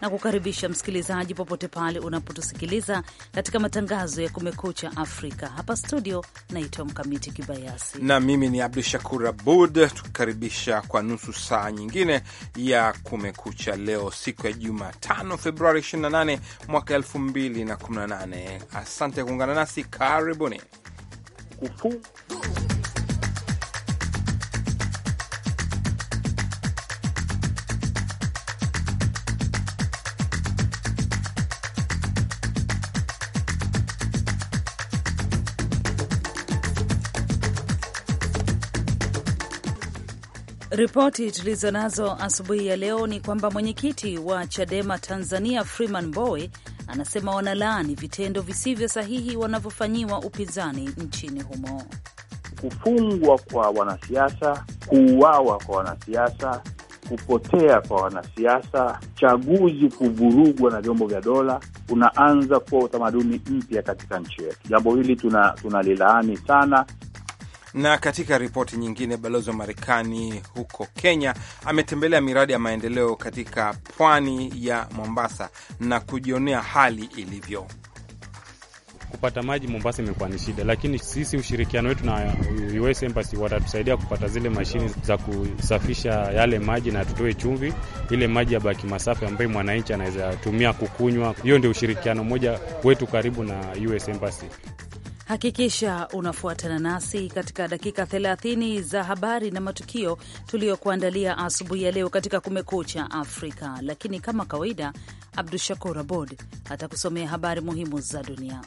na kukaribisha msikilizaji popote pale unapotusikiliza katika matangazo ya Kumekucha Afrika. Hapa studio naitwa Mkamiti Kibayasi na mimi ni Abdu Shakur Abud, tukikaribisha kwa nusu saa nyingine ya Kumekucha leo siku ya Jumatano, Februari 28 mwaka 2018. Asante ya kuungana nasi, karibuni Kupu. Ripoti tulizo nazo asubuhi ya leo ni kwamba mwenyekiti wa Chadema Tanzania Freeman Mbowe anasema wanalaani vitendo visivyo sahihi wanavyofanyiwa upinzani nchini humo. Kufungwa kwa wanasiasa, kuuawa kwa wanasiasa, kupotea kwa wanasiasa, chaguzi kuvurugwa na vyombo vya dola, unaanza kuwa utamaduni mpya katika nchi yetu. Jambo hili tunalilaani tuna sana. Na katika ripoti nyingine, balozi wa Marekani huko Kenya ametembelea miradi ya maendeleo katika pwani ya Mombasa na kujionea hali ilivyo. Kupata maji Mombasa imekuwa ni shida, lakini sisi ushirikiano wetu na US Embassy watatusaidia kupata zile mashini za kusafisha yale maji na tutoe chumvi, ile maji ya baki masafi ambayo mwananchi anaweza tumia kukunywa. Hiyo ndio ushirikiano mmoja wetu karibu na US Embassy. Hakikisha unafuatana nasi katika dakika 30 za habari na matukio tuliyokuandalia asubuhi ya leo katika Kumekucha Afrika. Lakini kama kawaida, Abdu Shakur Abod atakusomea habari muhimu za dunia.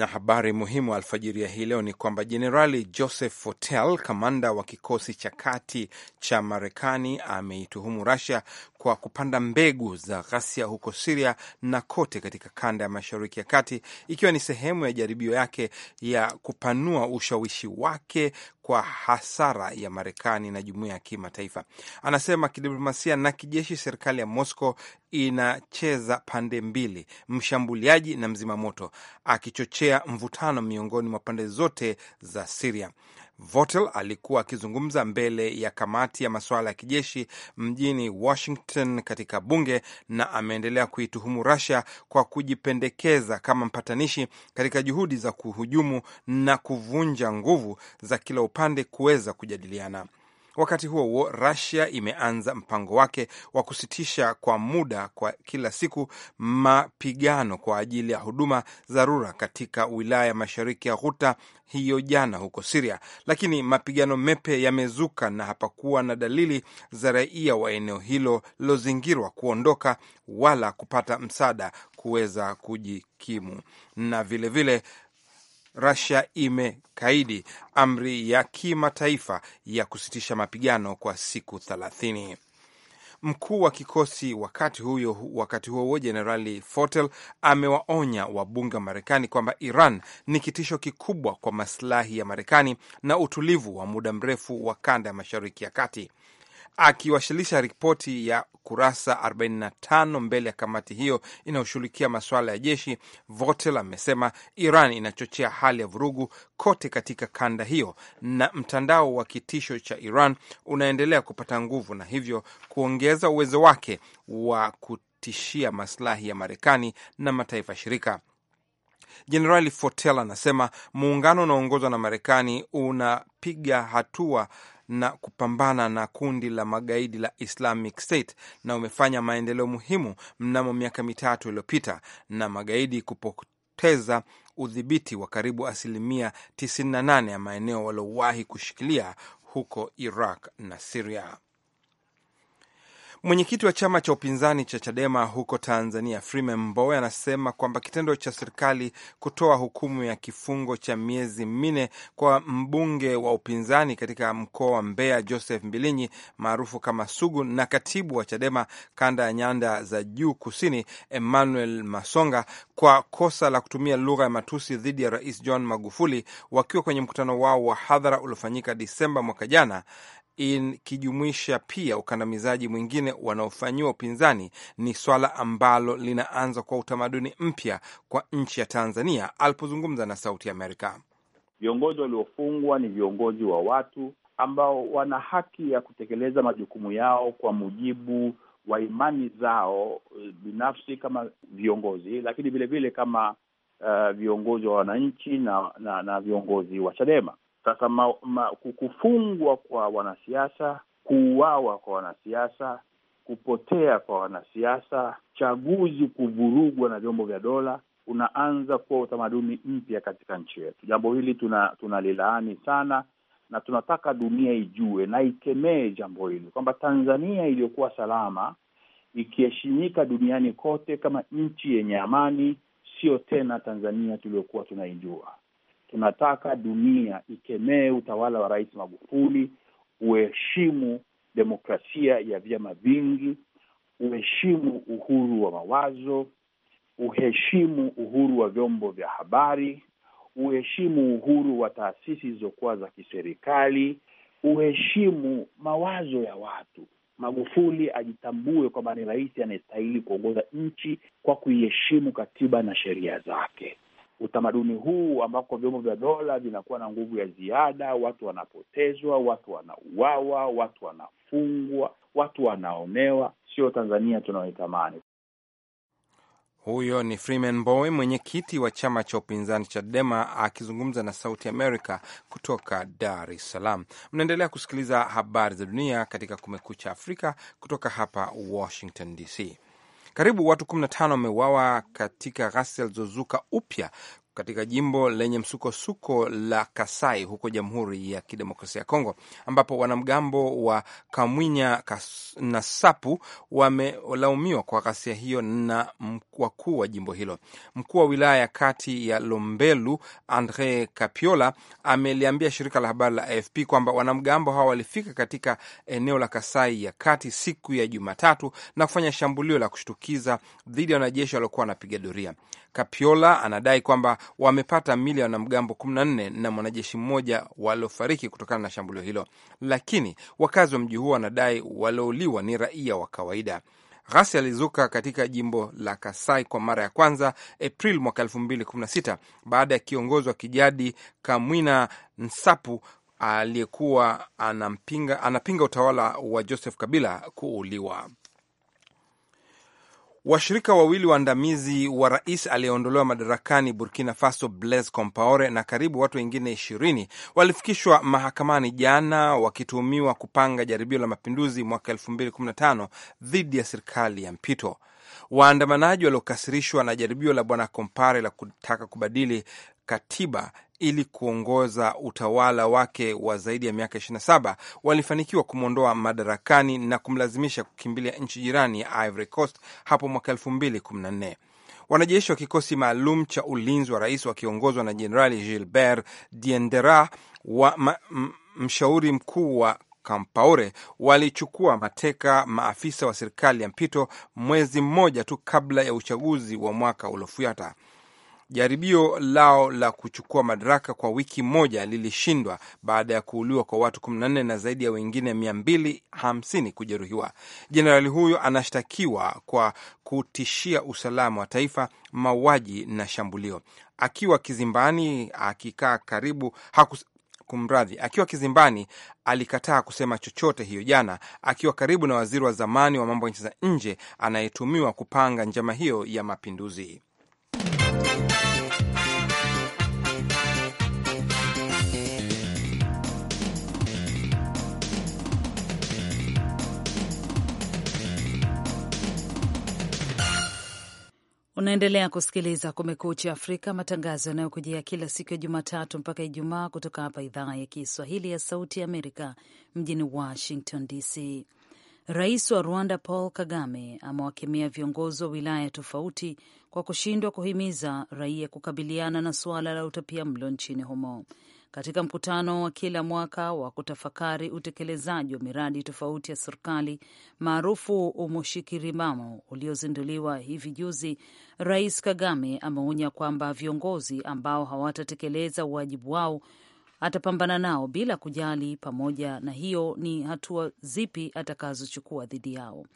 Na habari muhimu alfajiri ya hii leo ni kwamba Jenerali Joseph fotel kamanda wa kikosi cha kati cha Marekani, ameituhumu rasia kwa kupanda mbegu za ghasia huko Siria na kote katika kanda ya Mashariki ya Kati, ikiwa ni sehemu ya jaribio yake ya kupanua ushawishi wake kwa hasara ya Marekani na jumuiya ya kimataifa. Anasema kidiplomasia na kijeshi, serikali ya Moscow inacheza pande mbili, mshambuliaji na mzima moto, akichochea mvutano miongoni mwa pande zote za Siria. Votel alikuwa akizungumza mbele ya kamati ya masuala ya kijeshi mjini Washington katika bunge na ameendelea kuituhumu Russia kwa kujipendekeza kama mpatanishi katika juhudi za kuhujumu na kuvunja nguvu za kila upande kuweza kujadiliana. Wakati huo huo, Russia imeanza mpango wake wa kusitisha kwa muda kwa kila siku mapigano kwa ajili ya huduma dharura katika wilaya mashariki ya Ghuta hiyo jana huko Siria, lakini mapigano mepe yamezuka na hapakuwa na dalili za raia wa eneo hilo lilozingirwa kuondoka wala kupata msaada kuweza kujikimu na vilevile vile, Russia imekaidi amri ya kimataifa ya kusitisha mapigano kwa siku thelathini. Mkuu wa kikosi wakati huyo wakati huo huo Jenerali fotel amewaonya wabunge wa Marekani kwamba Iran ni kitisho kikubwa kwa maslahi ya Marekani na utulivu wa muda mrefu wa kanda ya Mashariki ya Kati akiwasilisha ripoti ya kurasa 45 mbele ya kamati hiyo inayoshughulikia masuala ya jeshi, Votel amesema Iran inachochea hali ya vurugu kote katika kanda hiyo, na mtandao wa kitisho cha Iran unaendelea kupata nguvu na hivyo kuongeza uwezo wake wa kutishia maslahi ya Marekani na mataifa shirika. Jenerali Fotel anasema muungano unaoongozwa na Marekani unapiga hatua na kupambana na kundi la magaidi la Islamic State na umefanya maendeleo muhimu mnamo miaka mitatu iliyopita na magaidi kupoteza udhibiti wa karibu asilimia 98 ya maeneo waliowahi kushikilia huko Iraq na Siria. Mwenyekiti wa chama cha upinzani cha Chadema huko Tanzania, Freeman Mbowe, anasema kwamba kitendo cha serikali kutoa hukumu ya kifungo cha miezi minne kwa mbunge wa upinzani katika mkoa wa Mbeya, Joseph Mbilinyi maarufu kama Sugu, na katibu wa Chadema kanda ya nyanda za juu kusini, Emmanuel Masonga, kwa kosa la kutumia lugha ya matusi dhidi ya Rais John Magufuli wakiwa kwenye mkutano wao wa hadhara uliofanyika disemba mwaka jana ikijumuisha pia ukandamizaji mwingine wanaofanyiwa upinzani, ni swala ambalo linaanza kwa utamaduni mpya kwa nchi ya Tanzania. Alipozungumza na Sauti ya Amerika, viongozi waliofungwa ni viongozi wa watu ambao wana haki ya kutekeleza majukumu yao kwa mujibu wa imani zao eh, binafsi kama viongozi, lakini vilevile kama uh, viongozi wa wananchi na, na, na viongozi wa Chadema. Sasa ma, ma, kufungwa kwa wanasiasa, kuuawa kwa wanasiasa, kupotea kwa wanasiasa, chaguzi kuvurugwa na vyombo vya dola unaanza kuwa utamaduni mpya katika nchi yetu. Jambo hili tunalilaani tuna sana, na tunataka dunia ijue na ikemee jambo hili kwamba Tanzania iliyokuwa salama ikiheshimika duniani kote kama nchi yenye amani, sio tena Tanzania tuliyokuwa tunaijua tunataka dunia ikemee utawala wa Rais Magufuli, uheshimu demokrasia ya vyama vingi, uheshimu uhuru wa mawazo, uheshimu uhuru wa vyombo vya habari, uheshimu uhuru wa taasisi zilizokuwa za kiserikali, uheshimu mawazo ya watu. Magufuli ajitambue kwamba ni rais anayestahili kuongoza nchi kwa kuiheshimu katiba na sheria zake utamaduni huu ambako vyombo vya dola vinakuwa na nguvu ya ziada, watu wanapotezwa, watu wanauawa, watu wanafungwa, watu wanaonewa, sio Tanzania tunaoitamani. Huyo ni Freeman Mbowe, mwenyekiti wa chama cha upinzani cha Chadema, akizungumza na Sauti america kutoka Dar es Salaam. Mnaendelea kusikiliza habari za dunia katika Kumekucha Afrika kutoka hapa Washington DC. Karibu watu 15 wameuawa katika ghasia zilizozuka upya katika jimbo lenye msukosuko la Kasai huko Jamhuri ya Kidemokrasia ya Kongo, ambapo wanamgambo wa Kamwinya na Sapu wamelaumiwa kwa ghasia hiyo na wakuu wa jimbo hilo. Mkuu wa wilaya ya kati ya Lombelu, Andre Kapiola, ameliambia shirika la habari la AFP kwamba wanamgambo hawa walifika katika eneo la Kasai ya kati siku ya Jumatatu na kufanya shambulio la kushtukiza dhidi ya wanajeshi waliokuwa wanapiga doria. Kapiola anadai kwamba wamepata mili ya wanamgambo 14 na mwanajeshi mmoja waliofariki kutokana na shambulio hilo, lakini wakazi wa mji huo wanadai waliouliwa ni raia wa kawaida. Ghasia alizuka katika jimbo la Kasai kwa mara ya kwanza april mwaka 2016 baada ya kiongozi wa kijadi Kamwina Nsapu aliyekuwa anapinga utawala wa Joseph Kabila kuuliwa. Washirika wawili waandamizi wa rais aliyeondolewa madarakani Burkina Faso, Blaise Compaore, na karibu watu wengine ishirini walifikishwa mahakamani jana wakituhumiwa kupanga jaribio la mapinduzi mwaka tano dhidi ya serikali ya mpito. Waandamanaji waliokasirishwa na jaribio la bwana Kompare la kutaka kubadili katiba ili kuongoza utawala wake wa zaidi ya miaka 27 walifanikiwa kumwondoa madarakani na kumlazimisha kukimbilia nchi jirani ya Ivory Coast hapo mwaka 2014. Wanajeshi wa kikosi maalum cha ulinzi wa rais wakiongozwa na Jenerali Gilbert Diendera wa mshauri mkuu wa Kampaure walichukua mateka maafisa wa serikali ya mpito mwezi mmoja tu kabla ya uchaguzi wa mwaka uliofuata. Jaribio lao la kuchukua madaraka kwa wiki moja lilishindwa baada ya kuuliwa kwa watu 14 na zaidi ya wengine 250 kujeruhiwa. Jenerali huyo anashtakiwa kwa kutishia usalama wa taifa, mauaji na shambulio. Akiwa kizimbani akikaa karibu hakus Kumradhi, akiwa kizimbani alikataa kusema chochote hiyo jana, akiwa karibu na waziri wa zamani wa mambo ya nchi za nje anayetumiwa kupanga njama hiyo ya mapinduzi. Unaendelea kusikiliza Kumekucha Afrika, matangazo yanayokujia kila siku ya Jumatatu mpaka Ijumaa kutoka hapa idhaa ya Kiswahili ya Sauti ya Amerika mjini Washington DC. Rais wa Rwanda Paul Kagame amewakemea viongozi wa wilaya tofauti kwa kushindwa kuhimiza raia kukabiliana na suala la utapia mlo nchini humo. Katika mkutano wa kila mwaka wa kutafakari utekelezaji wa miradi tofauti ya serikali maarufu Umushikirimamo uliozinduliwa hivi juzi, Rais Kagame ameonya kwamba viongozi ambao hawatatekeleza uwajibu wao atapambana nao bila kujali, pamoja na hiyo ni hatua zipi atakazochukua dhidi yao.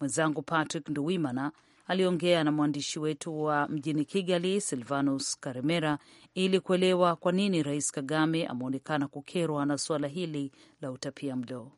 Mwenzangu Patrick Nduwimana aliongea na mwandishi wetu wa mjini Kigali, Silvanus Karemera, ili kuelewa kwa nini Rais Kagame ameonekana kukerwa na suala hili la utapia mlo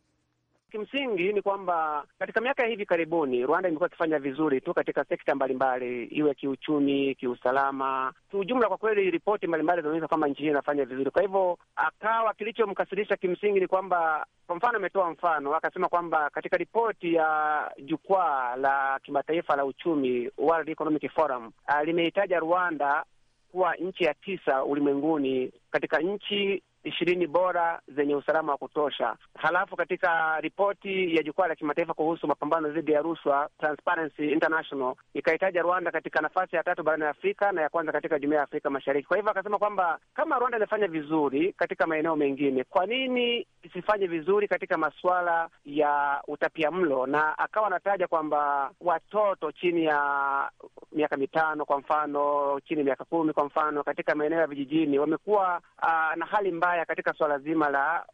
kimsingi ni kwamba katika miaka ya hivi karibuni Rwanda imekuwa ikifanya vizuri tu katika sekta mbalimbali, iwe kiuchumi, kiusalama, kiujumla. Kwa kweli ripoti mbalimbali zinaonyesha kwamba nchi hii inafanya vizuri. Kwa hivyo akawa kilichomkasirisha kimsingi ni kwamba, kwa mfano, ametoa mfano akasema kwamba katika ripoti ya jukwaa la kimataifa la uchumi, World Economic Forum, ah, limeitaja Rwanda kuwa nchi ya tisa ulimwenguni katika nchi ishirini bora zenye usalama wa kutosha. Halafu katika ripoti ya jukwaa la kimataifa kuhusu mapambano dhidi ya rushwa Transparency International Rwanda katika nafasi ya tatu barani Afrika na ya kwanza katika jumuiya ya Afrika Mashariki. Kwa hivyo akasema kwamba kama Rwanda inafanya vizuri katika maeneo mengine, kwa nini isifanye vizuri katika masuala ya utapia mlo? Na akawa anataja kwamba watoto chini ya miaka mitano kwa mfano, chini ya miaka kumi kwa mfano, katika maeneo ya vijijini wamekuwa uh, na hali mbaya Ulaya katika swala zima la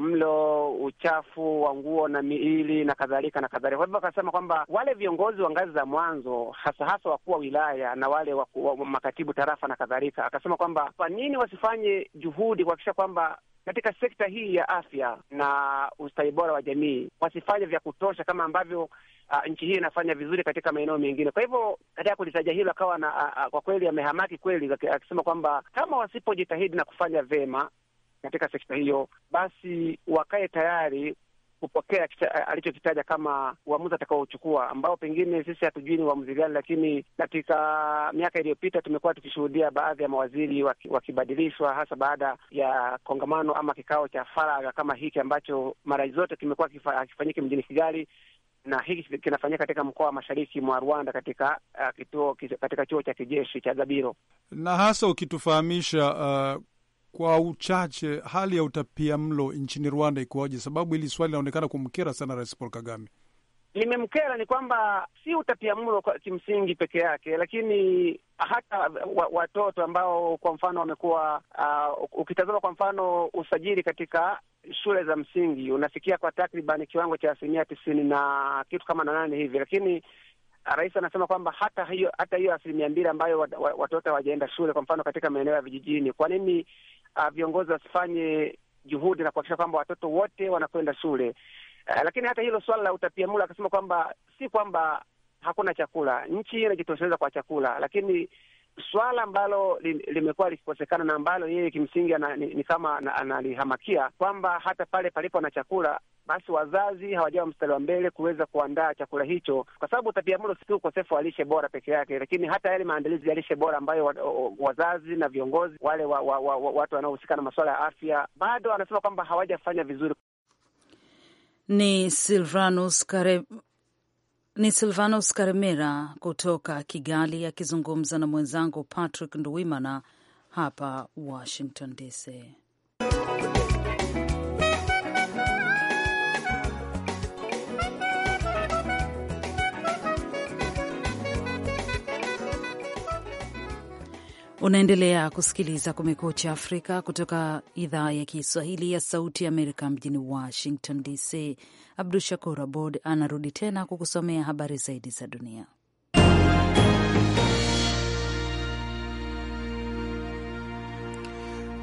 mlo uchafu wa nguo na miili na kadhalika na kadhalika. Kwa hivyo akasema kwamba wale viongozi wa ngazi za mwanzo, hasa hasa wakuu wa wilaya na wale waku, wa makatibu tarafa na kadhalika, akasema kwamba kwa nini wasifanye juhudi kuhakikisha kwamba katika sekta hii ya afya na ustawi bora wa jamii wasifanye vya kutosha kama ambavyo uh, nchi hii inafanya vizuri katika maeneo mengine. Kwa hivyo katika kulitaja hilo akawa na uh, uh, kwa kweli amehamaki kweli akisema kwamba kama wasipojitahidi na kufanya vyema katika sekta hiyo, basi wakae tayari kupokea alichokitaja kama uamuzi atakaochukua, ambao pengine sisi hatujui ni uamuzi gani, lakini katika miaka iliyopita tumekuwa tukishuhudia baadhi ya mawaziri wakibadilishwa, hasa baada ya kongamano ama kikao cha faragha kama hiki ambacho mara zote kimekuwa hakifanyiki mjini Kigali na hiki kinafanyika katika mkoa wa mashariki mwa Rwanda katika uh, kituo katika chuo cha kijeshi cha Gabiro, na hasa ukitufahamisha uh kwa uchache, hali ya utapia mlo nchini Rwanda ikuwaje? Sababu hili swali linaonekana kumkera sana Rais Paul Kagame. Limemkera ni kwamba si utapia mlo kwa kimsingi peke yake, lakini hata watoto ambao kwa mfano wamekuwa uh, ukitazama kwa mfano usajili katika shule za msingi unafikia kwa takriban kiwango cha asilimia tisini na kitu kama na nane hivi, lakini rais anasema kwamba hata hiyo hata hiyo asilimia mbili ambayo watoto hawajaenda shule, kwa mfano katika maeneo ya vijijini, kwa nini uh, viongozi wasifanye juhudi za kuhakikisha kwamba watoto wote wanakwenda shule. Uh, lakini hata hilo swala la utapiamlo, akasema kwamba si kwamba hakuna chakula, nchi inajitosheleza kwa chakula, lakini swala ambalo limekuwa likikosekana na ambalo yeye kimsingi ana, ni, ni kama analihamakia kwamba hata pale palipo na chakula basi wazazi hawajawa mstari wa mbele kuweza kuandaa chakula hicho, kwa sababu utapia si tu ukosefu wa lishe bora peke yake, lakini hata yale maandalizi ya lishe bora ambayo wazazi na viongozi wale wa, wa, wa, wa, watu wanaohusika na masuala ya afya bado anasema kwamba hawajafanya vizuri. Ni Silvanus ni Silvanus karimera kutoka Kigali akizungumza na mwenzangu Patrick Nduwimana hapa Washington DC. Unaendelea kusikiliza Kumekucha Afrika kutoka idhaa ya Kiswahili ya Sauti Amerika mjini Washington DC. Abdu Shakur Abod anarudi tena kukusomea habari zaidi za dunia.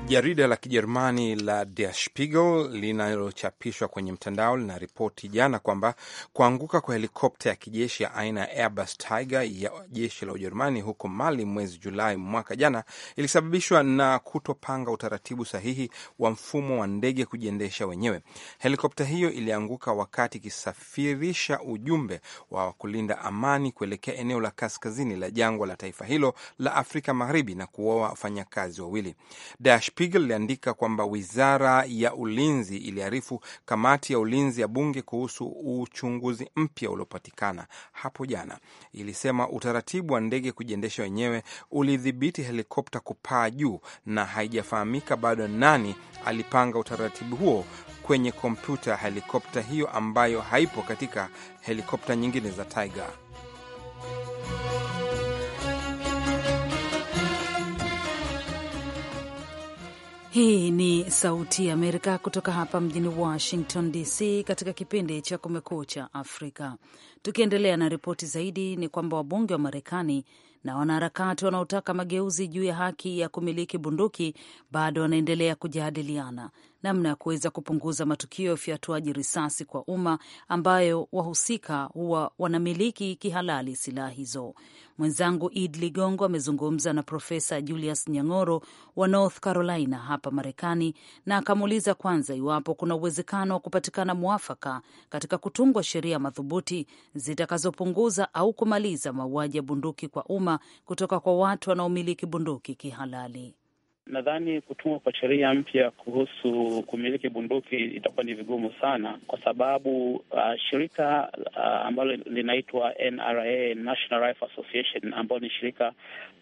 Jarida la Kijerumani la Der Spiegel linalochapishwa kwenye mtandao linaripoti jana kwamba kuanguka kwa helikopta ya kijeshi ya aina ya Airbus Tiger ya jeshi la Ujerumani huko Mali mwezi Julai mwaka jana ilisababishwa na kutopanga utaratibu sahihi wa mfumo wa ndege kujiendesha wenyewe. Helikopta hiyo ilianguka wakati ikisafirisha ujumbe wa kulinda amani kuelekea eneo la kaskazini la jangwa la taifa hilo la Afrika Magharibi na kuua wafanyakazi wawili Dash Spiegel liliandika kwamba wizara ya ulinzi iliarifu kamati ya ulinzi ya bunge kuhusu uchunguzi mpya uliopatikana hapo jana. Ilisema utaratibu wa ndege kujiendesha wenyewe ulidhibiti helikopta kupaa juu, na haijafahamika bado nani alipanga utaratibu huo kwenye kompyuta ya helikopta hiyo ambayo haipo katika helikopta nyingine za Tiger. Hii ni Sauti ya Amerika kutoka hapa mjini Washington DC, katika kipindi cha Kumekucha Afrika. Tukiendelea na ripoti zaidi, ni kwamba wabunge wa Marekani na wanaharakati wanaotaka mageuzi juu ya haki ya kumiliki bunduki bado wanaendelea kujadiliana namna ya kuweza kupunguza matukio ya ufyatuaji risasi kwa umma ambayo wahusika huwa wanamiliki kihalali silaha hizo. Mwenzangu Id Ligongo amezungumza na Profesa Julius Nyang'oro wa North Carolina hapa Marekani, na akamuuliza kwanza iwapo kuna uwezekano wa kupatikana mwafaka katika kutungwa sheria madhubuti zitakazopunguza au kumaliza mauaji ya bunduki kwa umma kutoka kwa watu wanaomiliki bunduki kihalali. Nadhani kutungwa kwa sheria mpya kuhusu kumiliki bunduki itakuwa ni vigumu sana, kwa sababu uh, shirika uh, ambalo linaitwa NRA, National Rifle Association, ambalo ni shirika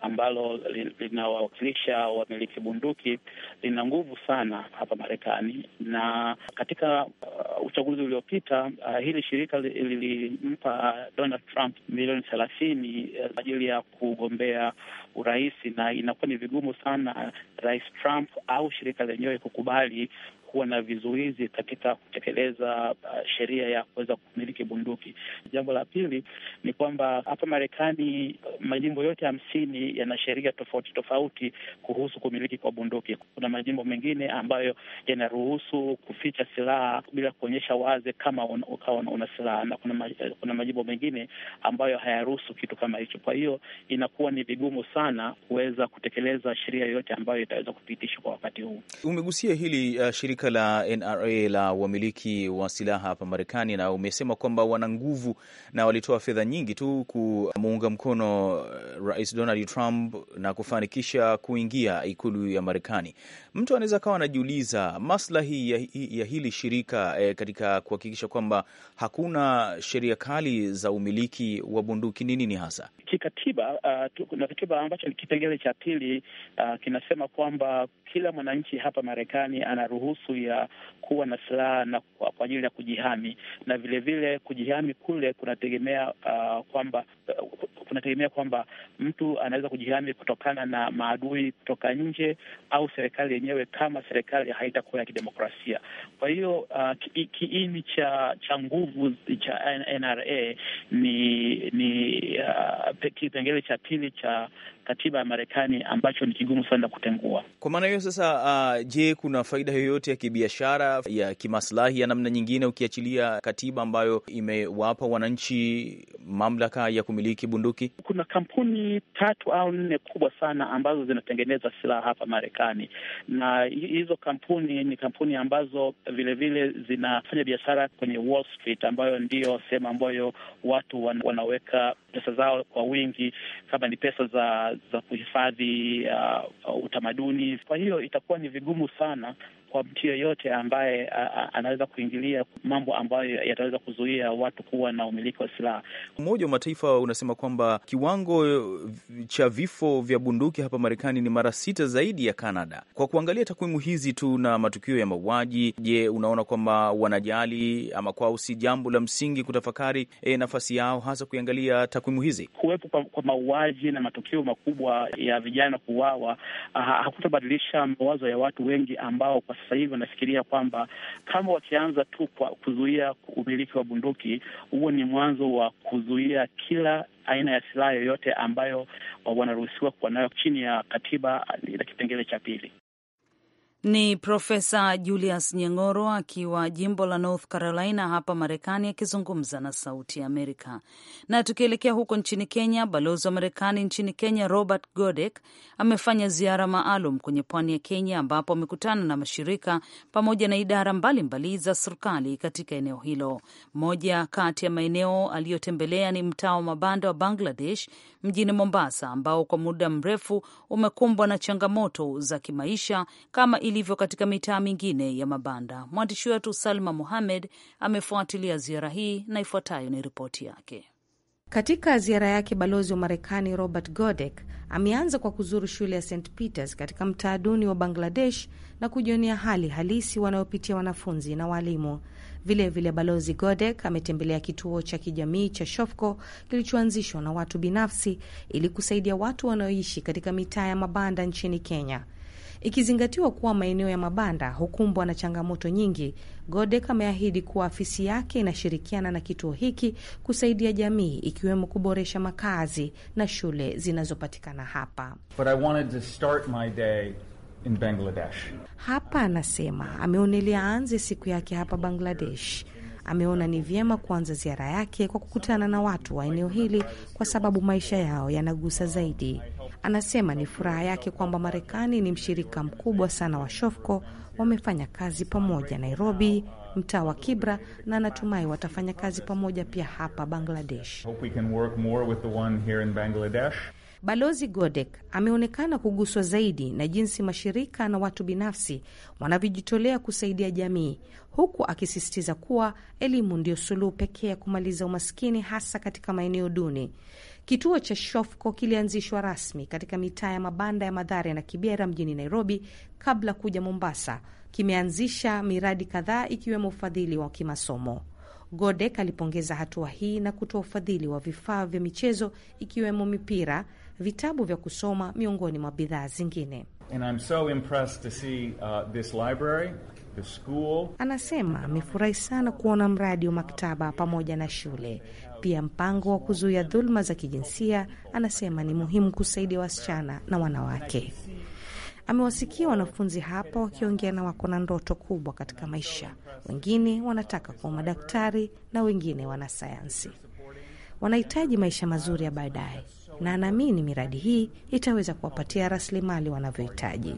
ambalo linawawakilisha wamiliki bunduki lina nguvu sana hapa Marekani, na katika uh, uchaguzi uliopita uh, hili shirika lilimpa Donald Trump milioni thelathini uh, kwa ajili ya kugombea urais, na inakuwa ni vigumu sana Rais Trump au shirika lenyewe kukubali kuwa na vizuizi katika kutekeleza uh, sheria ya kuweza kumiliki bunduki. Jambo la pili ni kwamba hapa Marekani uh, majimbo yote hamsini yana sheria tofauti tofauti kuhusu kumiliki kwa bunduki. Kuna majimbo mengine ambayo yanaruhusu kuficha silaha bila kuonyesha wazi kama ukawa una, una silaha na kuna, maj, uh, kuna majimbo mengine ambayo hayaruhusu kitu kama hicho. Kwa hiyo inakuwa ni vigumu sana kuweza kutekeleza sheria yoyote ambayo itaweza kupitishwa kwa wakati huu. Umegusia hili uh, shirika shirika la NRA la wamiliki wa silaha hapa Marekani, na umesema kwamba wana nguvu na walitoa fedha nyingi tu kumuunga mkono eh, Rais Donald Trump na kufanikisha kuingia ikulu ya Marekani. Mtu anaweza kawa anajiuliza maslahi ya, ya hili shirika eh, katika kuhakikisha kwamba hakuna sheria kali za umiliki wa bunduki ni nini hasa kikatiba? Uh, kuna katiba ambacho ni kipengele cha pili uh, kinasema kwamba kila mwananchi hapa Marekani anaruhusu hofu ya kuwa na silaha na kwa ajili ya kujihami, na vilevile vile kujihami kule kunategemea uh, kwamba uh, kunategemea kwamba mtu anaweza kujihami kutokana na maadui kutoka nje au serikali yenyewe, kama serikali haitakuwa ya kidemokrasia. Kwa hiyo uh, kiini cha cha nguvu cha NRA ni ni uh, kipengele cha pili cha katiba ya Marekani ambacho ni kigumu sana kutengua. Kwa maana hiyo sasa, uh, je, kuna faida yoyote ya kibiashara, ya kimaslahi ya namna nyingine, ukiachilia katiba ambayo imewapa wananchi mamlaka ya kumiliki bunduki? Kuna kampuni tatu au nne kubwa sana ambazo zinatengeneza silaha hapa Marekani, na hizo kampuni ni kampuni ambazo vilevile vile zinafanya biashara kwenye Wall Street, ambayo ndiyo sehemu ambayo watu wanaweka pesa zao kwa wingi, kama ni pesa za za kuhifadhi uh, uh, utamaduni. Kwa hiyo itakuwa ni vigumu sana kwa mtu yeyote ambaye anaweza kuingilia mambo ambayo yataweza kuzuia watu kuwa na umiliki wa silaha. Umoja wa Mataifa unasema kwamba kiwango cha vifo vya bunduki hapa Marekani ni mara sita zaidi ya canada Kwa kuangalia takwimu hizi tu na matukio ya mauaji, je, unaona kwamba wanajali ama kwao si jambo la msingi kutafakari e, nafasi yao hasa kuiangalia takwimu hizi? Kuwepo kwa, kwa mauaji na matukio makubwa ya vijana kuuawa ah, hakutabadilisha mawazo ya watu wengi ambao kwa sasa hivi wanafikiria kwamba kama wakianza tu kwa kuzuia umiliki wa bunduki, huo ni mwanzo wa kuzuia kila aina ya silaha yoyote ambayo ah, wanaruhusiwa kuwa nayo chini ya katiba ah, na kipengele cha pili. Ni Profesa Julius Nyeng'oro akiwa jimbo la North Carolina hapa Marekani akizungumza na Sauti ya Amerika. Na tukielekea huko nchini Kenya, balozi wa Marekani nchini Kenya Robert Godek amefanya ziara maalum kwenye pwani ya Kenya, ambapo amekutana na mashirika pamoja na idara mbalimbali mbali za serikali katika eneo hilo. Moja kati ya maeneo aliyotembelea ni mtaa wa mabanda wa Bangladesh mjini Mombasa, ambao kwa muda mrefu umekumbwa na changamoto za kimaisha kama ilivyo katika mitaa mingine ya mabanda. Mwandishi wetu Salma Muhamed amefuatilia ziara hii na ifuatayo ni ripoti yake. Katika ziara yake, balozi wa Marekani Robert Godek ameanza kwa kuzuru shule ya St Peters katika mtaa duni wa Bangladesh na kujionea hali halisi wanayopitia wanafunzi na waalimu. Vilevile vile Balozi Godek ametembelea kituo cha kijamii cha Shofco kilichoanzishwa na watu binafsi ili kusaidia watu wanaoishi katika mitaa ya mabanda nchini Kenya. Ikizingatiwa kuwa maeneo ya mabanda hukumbwa na changamoto nyingi, Godek ameahidi kuwa afisi yake inashirikiana na kituo hiki kusaidia jamii, ikiwemo kuboresha makazi na shule zinazopatikana hapa But I in Bangladesh. Hapa anasema ameonelea aanze siku yake hapa Bangladesh. Ameona ni vyema kuanza ziara yake kwa kukutana na watu wa eneo hili kwa sababu maisha yao yanagusa zaidi. Anasema ni furaha yake kwamba Marekani ni mshirika mkubwa sana wa Shofco, wamefanya kazi pamoja Nairobi, mtaa wa Kibra, na anatumai watafanya kazi pamoja pia hapa Bangladesh. Balozi Godek ameonekana kuguswa zaidi na jinsi mashirika na watu binafsi wanavyojitolea kusaidia jamii, huku akisisitiza kuwa elimu ndio suluhu pekee ya kumaliza umaskini, hasa katika maeneo duni. Kituo cha Shofco kilianzishwa rasmi katika mitaa ya mabanda ya madhare na Kibera mjini Nairobi kabla kuja Mombasa. Kimeanzisha miradi kadhaa ikiwemo ufadhili wa kimasomo. Godek alipongeza hatua hii na kutoa ufadhili wa vifaa vya michezo ikiwemo mipira vitabu vya kusoma miongoni mwa bidhaa zingine. And I'm so impressed to see, uh, this library, the school. Anasema amefurahi sana kuona mradi wa maktaba pamoja na shule. Pia mpango wa kuzuia dhuluma za kijinsia anasema ni muhimu kusaidia wasichana na wanawake. Amewasikia wanafunzi hapa wakiongea na wako na ndoto kubwa katika maisha. Wengine wanataka kuwa madaktari na wengine wanasayansi. Wanahitaji maisha mazuri ya baadaye na anaamini miradi hii itaweza kuwapatia rasilimali wanavyohitaji.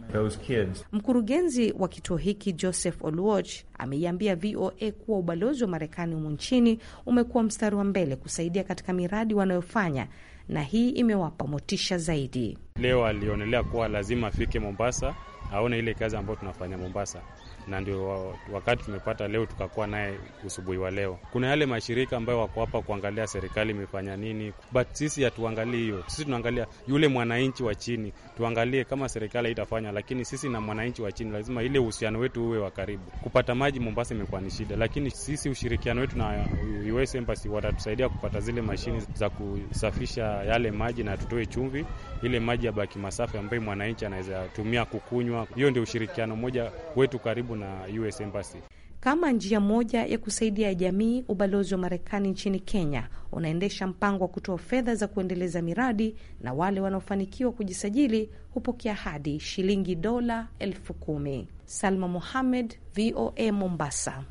Mkurugenzi wa kituo hiki Joseph Oluoch ameiambia VOA kuwa ubalozi wa Marekani humu nchini umekuwa mstari wa mbele kusaidia katika miradi wanayofanya na hii imewapa motisha zaidi. Leo alionelea kuwa lazima afike Mombasa aone ile kazi ambayo tunafanya Mombasa na ndio wakati tumepata leo tukakuwa naye usubuhi wa leo. Kuna yale mashirika ambayo wako hapa kuangalia serikali imefanya nini, but sisi hatuangalii hiyo. Sisi tunaangalia yule mwananchi wa chini, tuangalie kama serikali itafanya, lakini sisi na mwananchi wa chini lazima ile uhusiano wetu uwe wa karibu. Kupata maji Mombasa imekuwa ni shida, lakini sisi ushirikiano wetu na US Embassy watatusaidia kupata zile mashini za kusafisha yale maji na tutoe chumvi, ile maji yabaki masafi ambayo mwananchi anaweza tumia kukunywa. Hiyo ndio ushirikiano mmoja wetu karibu na US Embassy. Kama njia moja ya kusaidia jamii, ubalozi wa Marekani nchini Kenya unaendesha mpango wa kutoa fedha za kuendeleza miradi na wale wanaofanikiwa kujisajili hupokea hadi shilingi dola elfu kumi. Salma Mohamed, VOA Mombasa.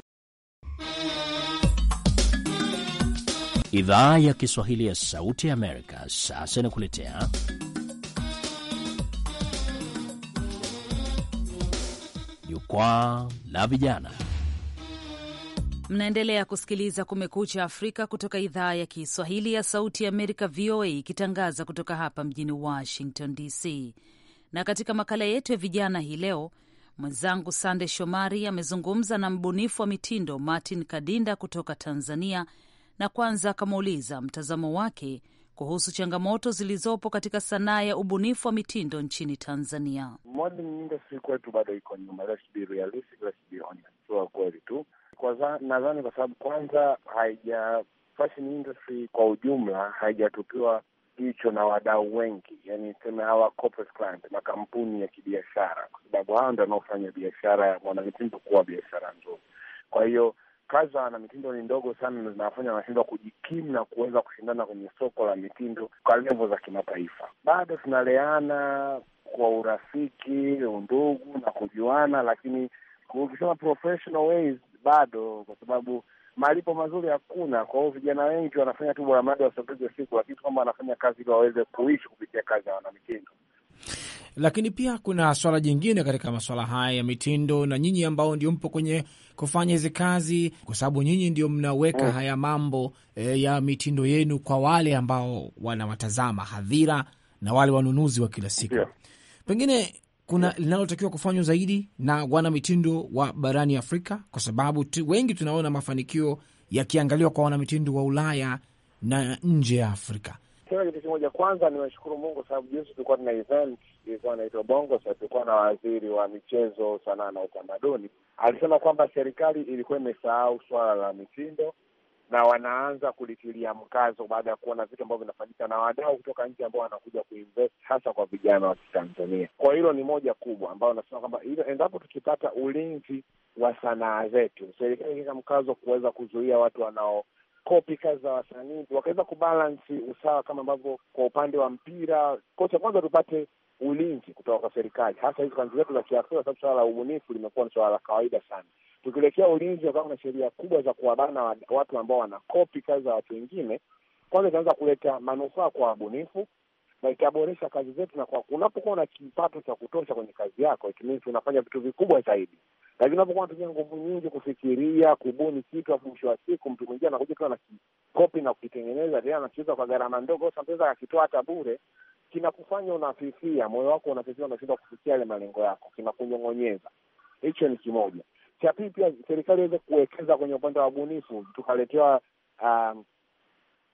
Idhaa ya Kiswahili ya Sauti ya Amerika sasa inakuletea Jukwaa la Vijana. Mnaendelea kusikiliza Kumekucha Afrika kutoka idhaa ya Kiswahili ya Sauti ya Amerika, VOA, ikitangaza kutoka hapa mjini Washington DC. Na katika makala yetu ya vijana hii leo, mwenzangu Sande Shomari amezungumza na mbunifu wa mitindo Martin Kadinda kutoka Tanzania, na kwanza akamuuliza mtazamo wake kuhusu changamoto zilizopo katika sanaa ya ubunifu wa mitindo nchini Tanzania. industry kwetu bado iko nyuma, let's be realistic, let's be honest, sio kweli tu. Nadhani kwa sababu kwanza haija fashion industry kwa ujumla haijatupiwa jicho na wadau wengi, yani seme hawa corporate client, makampuni ya kibiashara, kwa sababu hao ndo wanaofanya biashara ya mwanamitindo kuwa biashara nzuri. Kwa hiyo Kaza na mitindo ni ndogo sana na zinawafanya wanashindwa kujikimu na kuweza kushindana kwenye soko la mitindo kwa levo za kimataifa. Bado tunaleana kwa urafiki, undugu na kujuana, lakini ukisema professional ways bado, kwa sababu malipo mazuri hakuna. Kwa hiyo vijana wengi wanafanya tu bora mradi wasogeze siku, lakini kwamba wanafanya kazi ili waweze kuishi kupitia kazi ya wanamitindo. Lakini pia kuna swala jingine katika maswala haya ya mitindo, na nyinyi ambao ndio mpo kwenye kufanya hizi kazi, kwa sababu nyinyi ndio mnaweka mm. haya mambo e, ya mitindo yenu kwa wale ambao wanawatazama hadhira na wale wanunuzi wa kila siku, pengine kuna mm. linalotakiwa kufanywa zaidi na wana mitindo wa barani Afrika, kwa sababu wengi tunaona mafanikio yakiangaliwa kwa wanamitindo wa Ulaya na nje ya Afrika. Kitu kimoja kwanza, niwashukuru Mungu sababu jinsi tulikuwa tuna event ilikuwa inaitwa Bongo. tulikuwa na waziri wa michezo, sanaa na utamaduni, alisema kwamba serikali ilikuwa imesahau swala la mitindo na wanaanza kulitilia mkazo baada ya kuona vitu ambavyo vinafanyika na wadau kutoka nje ambao wanakuja kuinvest hasa kwa vijana wa Kitanzania. Kwa hilo ni moja kubwa ambayo nasema kwamba hilo, endapo tukipata ulinzi wa sanaa zetu, serikali ikiweka mkazo kuweza kuzuia watu wanao kopi kazi za wasanii, wakaweza kubalansi usawa, kama ambavyo kwa upande wa mpira kocha, kwanza tupate ulinzi kutoka kwa serikali, hasa hizi kanzi zetu za Kiafrika, sababu suala la ubunifu limekuwa ni suala la kawaida sana. Tukielekea ulinzi, wakawa kuna sheria kubwa za kuwabana watu ambao wanakopi kazi za watu wengine, kwanza itaweza kuleta manufaa kwa wabunifu, na itaboresha kazi zetu, na kwa unapokuwa na kipato cha kutosha kwenye kazi yako, it means unafanya vitu vikubwa zaidi. Lakini unapokuwa unatumia nguvu nyingi kufikiria, kubuni kitu, afu mwisho wa siku mtu mwingine anakuja tu anakikopi na kukitengeneza tena, anakiuza kwa gharama ndogo, sameza akitoa hata bure, kinakufanya unafifia, moyo wako unafifia, unashindwa kufikia yale malengo yako, kinakunyong'onyeza. Hicho ni kimoja. Cha pili, pia serikali iweze kuwekeza kwenye upande wa ubunifu, tukaletewa um,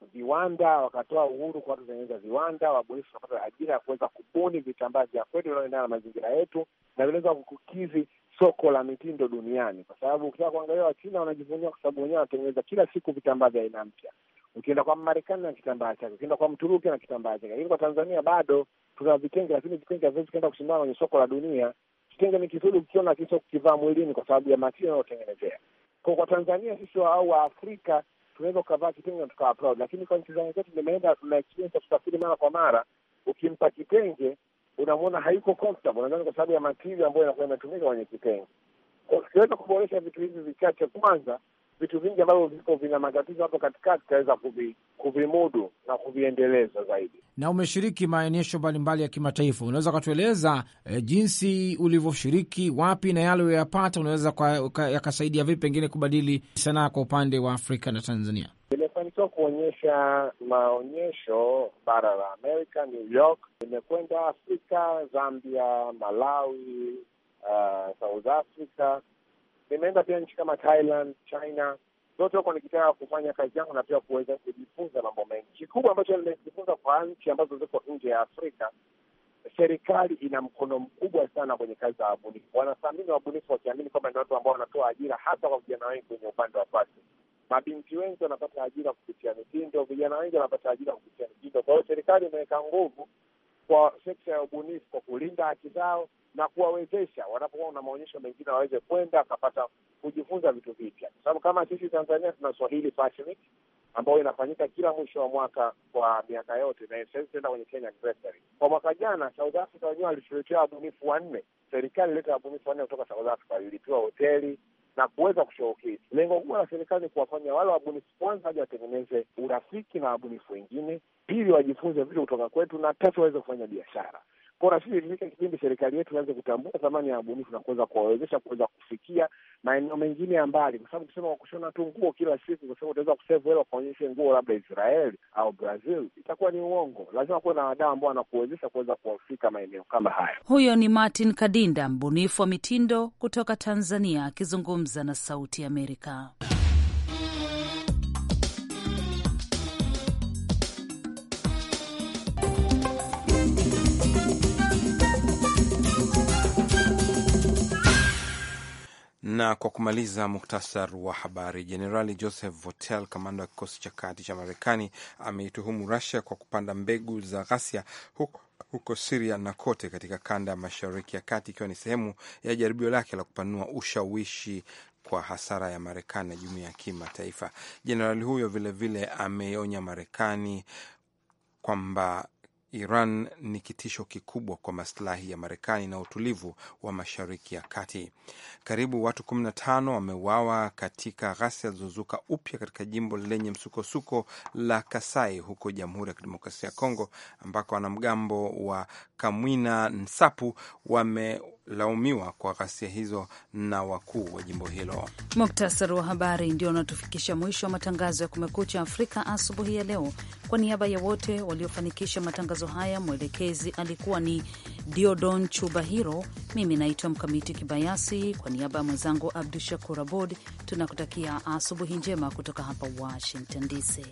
viwanda, wakatoa uhuru kwa watu kutengeneza viwanda, wabunifu wakapata ajira ya kuweza kubuni vitambaa vya kwetu vinaoendana na mazingira yetu na vinaweza kukidhi soko la mitindo duniani, kwa sababu ukitaka kuangalia Wachina wanajivunia, kwa sababu wenyewe wanatengeneza kila siku vitambaa vya aina mpya. Ukienda kwa Marekani na kitambaa chake, ukienda kwa Mturuki na kitambaa chake, lakini kwa Tanzania bado tuna vitenge, lakini vitenge haviwezi kuenda kushindana kwenye soko la dunia. Kitenge ni kizuri ukiona, kiso kukivaa mwilini, kwa sababu ya matio anayotengenezea Kwa kwa Tanzania sisi au Waafrika tunaweza ukavaa kitenge na tukawa proud, lakini kwa nchi za wenzetu nimeenda na experience ya kusafiri mara kwa mara, ukimpa kitenge unamwona hayuko comfortable, nadhani kwa sababu ya material ambayo inakuwa imetumika kwenye kitenge. Tukiweza kuboresha vitu hivi vichache kwanza vitu vingi ambavyo viko vina matatizo hapo katikati tutaweza kuvimudu na kuviendeleza zaidi. Na umeshiriki maonyesho mbalimbali ya kimataifa, unaweza ukatueleza e, jinsi ulivyoshiriki, wapi na yale uliyoyapata unaweza yakasaidia vipi pengine kubadili sanaa kwa upande wa Afrika na Tanzania? Nimefanikiwa kuonyesha maonyesho bara la Amerika, New York. Nimekwenda Afrika, Zambia, Malawi, uh, South Africa nimeenda pia nchi kama Thailand, China, zote huko nikitaka kufanya kazi yangu na pia kuweza kujifunza mambo mengi. Kikubwa ambacho nimejifunza kwa nchi ambazo ziko nje ya Afrika, serikali ina mkono mkubwa sana kwenye kazi za wabunifu. Wanathamini wabunifu wakiamini kwamba ni watu ambao wanatoa ajira, hasa kwa vijana wengi kwenye upande wa fasi. Mabinti wengi wanapata ajira kupitia mitindo, vijana wengi wanapata ajira kupitia mitindo. Kwa hiyo serikali imeweka nguvu kwa sekta ya ubunifu, kwa kulinda haki zao na kuwawezesha wanapokuwa na maonyesho mengine waweze kwenda wakapata kujifunza vitu vipya, kwa sababu kama sisi Tanzania tuna Swahili Fashion Week ambayo inafanyika kila mwisho wa mwaka kwa miaka yote, na sasa tutaenda kwenye Kenya anniversary. Kwa mwaka jana South Africa wenyewe walituletea wabunifu wanne, serikali ileta wabunifu wanne kutoka South Africa, walilipiwa hoteli na kuweza kushowcase. Lengo kubwa la serikali ni kuwafanya wale wabunifu kwanza waje watengeneze urafiki na wabunifu wengine, pili wajifunze vitu kutoka kwetu, na tatu waweze kufanya biashara. Kwao nafikiri ilifika kipindi serikali yetu ianze kutambua thamani ya wabunifu na kuweza kuwawezesha kuweza kufikia maeneo mengine ya mbali, kwa sababu kusema kushona tu nguo kila siku, kwa sababu utaweza kusevu hela ukaonyeshe nguo labda Israeli au Brazil, itakuwa ni uongo. Lazima kuwe na wadau ambao wanakuwezesha kuweza kuwafika maeneo kama haya. Huyo ni Martin Kadinda, mbunifu wa mitindo kutoka Tanzania, akizungumza na Sauti Amerika. Na kwa kumaliza, muktasar wa habari. Jenerali Joseph Votel, kamanda wa kikosi cha kati cha Marekani, ameituhumu Rusia kwa kupanda mbegu za ghasia huko huko Siria na kote katika kanda ya mashariki ya kati, ikiwa ni sehemu ya jaribio lake la kupanua ushawishi kwa hasara ya Marekani na jumuiya ya kimataifa. Jenerali huyo vilevile ameonya Marekani kwamba Iran ni kitisho kikubwa kwa maslahi ya Marekani na utulivu wa Mashariki ya Kati. Karibu watu 15 wameuawa katika ghasia zilizozuka upya katika jimbo lenye msukosuko la Kasai huko Jamhuri ya Kidemokrasia ya Kongo, ambako wanamgambo wa Kamwina Nsapu wamelaumiwa kwa ghasia hizo na wakuu wa jimbo hilo. Muktasari wa habari ndio unatufikisha mwisho wa matangazo ya Kumekucha Afrika asubuhi ya leo. Kwa niaba ya wote waliofanikisha matangazo haya, mwelekezi alikuwa ni Diodon Chubahiro, mimi naitwa Mkamiti Kibayasi. Kwa niaba ya mwenzangu Abdu Shakur Abod, tunakutakia asubuhi njema kutoka hapa Washington DC.